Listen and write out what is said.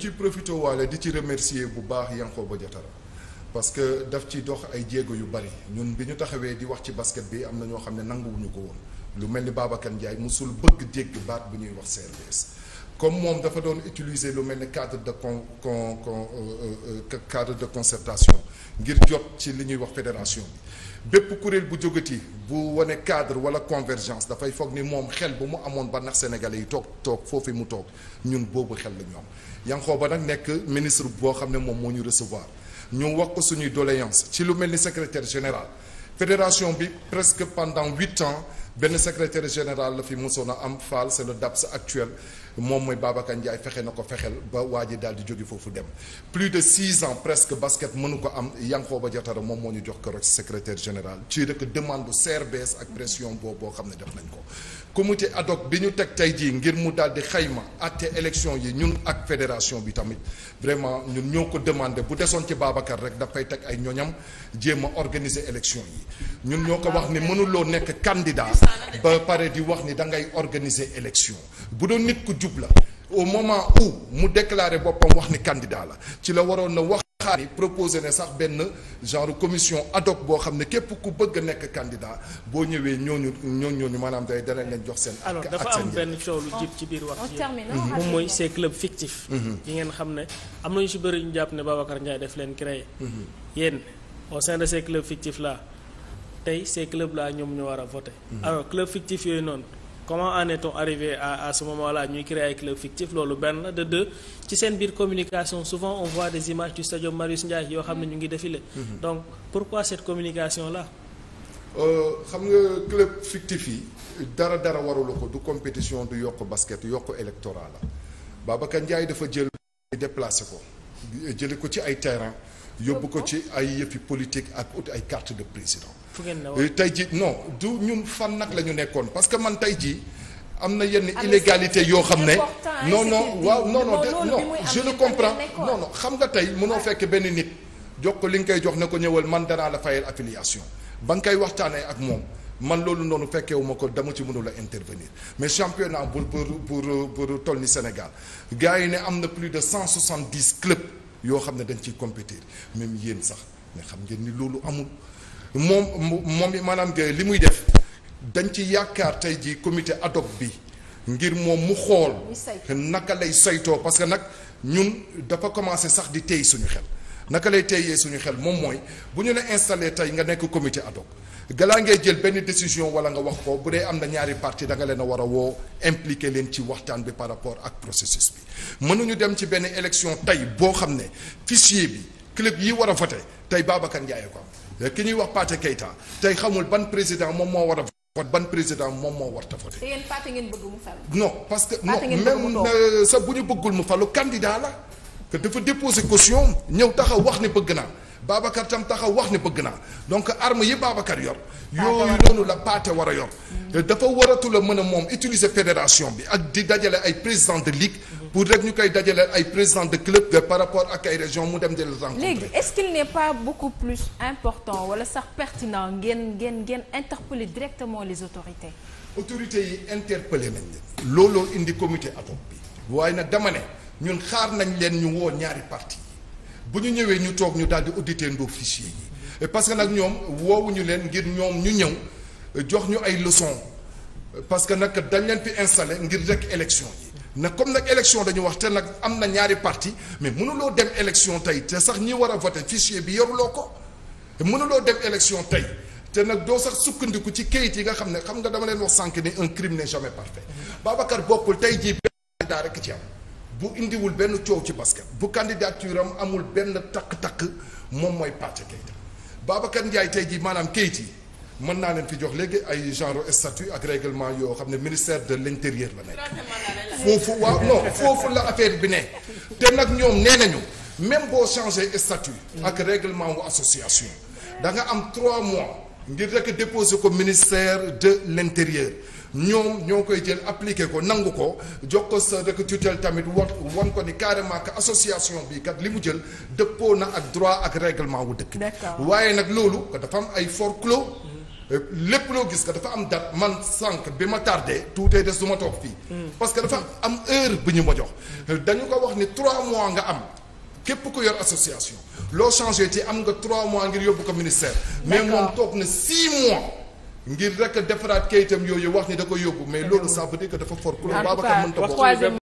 dama ciy profité waale di ci remercier bu baax Yankhoba Diattara parce que daf ci dox ay jéego yu bari ñun bi ñu taxawee di wax ci basket bi am na ñoo xam ne nanguwuñu ko woon lu mel ni Babacar Ndiaye musul bëgg dégg baat bu ñuy wax CRBS comme moom dafa doon utiliser lu mel ni cadre de con con con euh, euh, cadre de concertation ngir jot ci li ñuy wax fédération bi bépp kuréel bu jógati bu wane cadre wala convergence dafay foog ni moom xel bu mu amoon ba nax sénégalais yi toog toog foofu mu toog ñun boobu xel la ñu am. Yankhoba nag nekk ministre boo xam ne moom moo ñu recevoir ñu wax ko suñuy doléance ci lu mel ni secrétaire général fédération bi presque pendant huit ans benn secrétaire général la fi mosoon a am Fall c'est le DAPS actuel. moom mooy Babacar Ndiaye fexe na ko fexel ba waa ji daal di jóge foofu dem plus de six ans presque basket mënu ko am Yankhoba Diattara moom moo ñu jox ko rek secrétaire général ci rek demande CRBS ak pression boobu boo xam ne def nañ ko comité ad hoc bi ñu teg tey jii ngir mu daal di xayma atte élection yi ñun ak fédération bi tamit vraiment ñun ñoo ko demandé bu desoon ci Babacar rek dafay teg ay ñoñam jéem a organiser élection yi ñun ñoo ko wax ni mënuloo nekk candidat ba pare di wax ni da ngay organiser élection jub la au moment où mu déclaré boppam wax ni candidat la ci la waroon na wax xaar yi proposé ne sax benn genre commission ad boo xam ne képp ku bëgg a nekk candidat boo ñëwee ñooñu ñooñu ñooñu maanaam day danañ leen jox seen. ak alors dafa benn coow lu jib ci biir wax ci mhm. moom mooy ces clubs fictifs. Mhm. yi ngeen xam ne am na ñu si bëri ñu jàpp ne Babacar Ndiaye def leen créé. Mhm. yéen au sein de ces clubs fictifs là tey ces clubs là ñoom ñu war a voté. alors club fictif yooyu comment en est-on arrivé à à ce moment-là ñuy créer ay club fictif loolu benn la de deux ci seen biir communication souvent on voit des images du stade Marius Ndiaye yoo xam ne ñu ngi défilé. Mhm. donc pourquoi cette communication là. Euh, xam nga club fictif yi dara dara warula ko du compétition du yokk basket yokk électoral la Babacar Ndiaye dafa jël déplacé ko jële ko ci ay terrain yóbbu ko ci ay yëfi politique ak ut ay carte de président Euh, tey ji non du ñun fan nag la ñu nekkoon parce que man tey ji am na yenn ah, illégalité yoo xam ne non no waaw non non non je le comprends non non xam nga tey mënoo ah. fekkee benn nit jox ko li nga koy jox ne ko ñëwal man danaa la fayal affiliation ba nga koy waxtaanee ak moom man loolu noonu fekkewu ma ko dama ci mënul a intervenir mais championnat pour pour pour pour toll ni Sénégal gars yi ne am na plus de cent soixante dix clubs yoo xam ne dañ ciy compétir même yéen sax xam ngeen ni loolu amul moom moom maanaam li muy def dañ ci yaakaar tey ji comité ad bi ngir moom mu xool naka lay saytoo parce que nag ñun dafa commencé sax di tey suñu xel naka lay téyee suñu xel moom mooy bu ñu la installé tey nga nekk comité ad hoc galaa ngay jël benn décision wala nga wax ko bu dee am na ñaari parti danga leen a war a woo impliqué leen ci waxtaan bi par rapport ak processus bi mënuñu dem ci benn élection tey boo xam ne fichier bi club yi war a voté tey Babacar Ndiaye ko am ki ñuy wax Pathé Keita tey xamul ban président moom moo war a vote ban président moom moo war a vote te yéen Pathé ngeen bëgg mu falu non parce que non même euh, sa bu ñu bëggul mu falu candidat la que dafa déposer caution ñëw taxaw wax ne bëgg naa Babacar tam taxaw wax ne bëgg naa donc arme yi Babacar yor yooyu noonu la Pathé war a yor mm. dafa waratu la mën a moom utiliser fédération bi ak di dajale ay président de ligue pour rek ñu koy dajaleel ay président de club par rapport ak ay région mu dem di leen rencontrer. léegi est-ce qu'il n'est pas beaucoup plus important wala sax pertinent ngeen ngeen ngeen interpeller directement les autorités. autorités yi interpellé nañ leen. looloo indi comité ad bi. waaye nag dama ne ñun xaar nañ leen ñu woon ñaari parti bu ñu ñëwee ñu toog ñu daal di auditer ndoo fichier yi parce que nag ñoom woowuñu leen ngir ñoom ñu ñëw jox ñu ay leçons parce que nag dañ leen fi installé ngir rek élection yi. nag comme nag élection dañu wax te nag am na ñaari parti mais mënuloo dem élection tey te sax ñi war a voté fichier bi yoruloo ko mënuloo dem élection tey te nag doo sax sukkandiku ci kayit yi nga xam ne xam nga dama leen wax sànq ni un crime n'est jamais parfait Babacar bokkul tey jii benn daa rek ci am bu indiwul benn coow ci basket bu candidature am amul benn takk-takk moom mooy pàcc kayit Babacar Ndiaye tey jii maanaam kayit yi mën naa leen fi jox léegi ay genre statut ak yoo xam ne ministère de l'intérieur la nekk foofu waaw non foofu la affaire bi ne te nag ñoom nee nañu même boo changé statut ak règlement wu association da nga am trois mois ngir rek déposer ko ministère de l'intérieur ñoom ñoo koy jël appliqué ko nangu ko jox ko sa rek tutelle tamit wan wan ko ni carrément que association bi kat li mu jël dëppoo na ak droit ak règlement wu dëkk. waaye nag loolu dafa am ay forclos. lépp loo gis que dafa am date man sànq bi ma tardé tuutee des su ma toog fii. Hmm. parce que dafa am heure bu ñu ma jox. dañu ko wax ni trois mois nga am képp ko yor association loo changé ci am nga trois mois ngir yóbbu ko ministère. mais moom toog na six mois. ngir rek defaraat kayitam yooyu wax ni da koy yóbbu mais loolu ça veut dire que dafa fort. en tout cas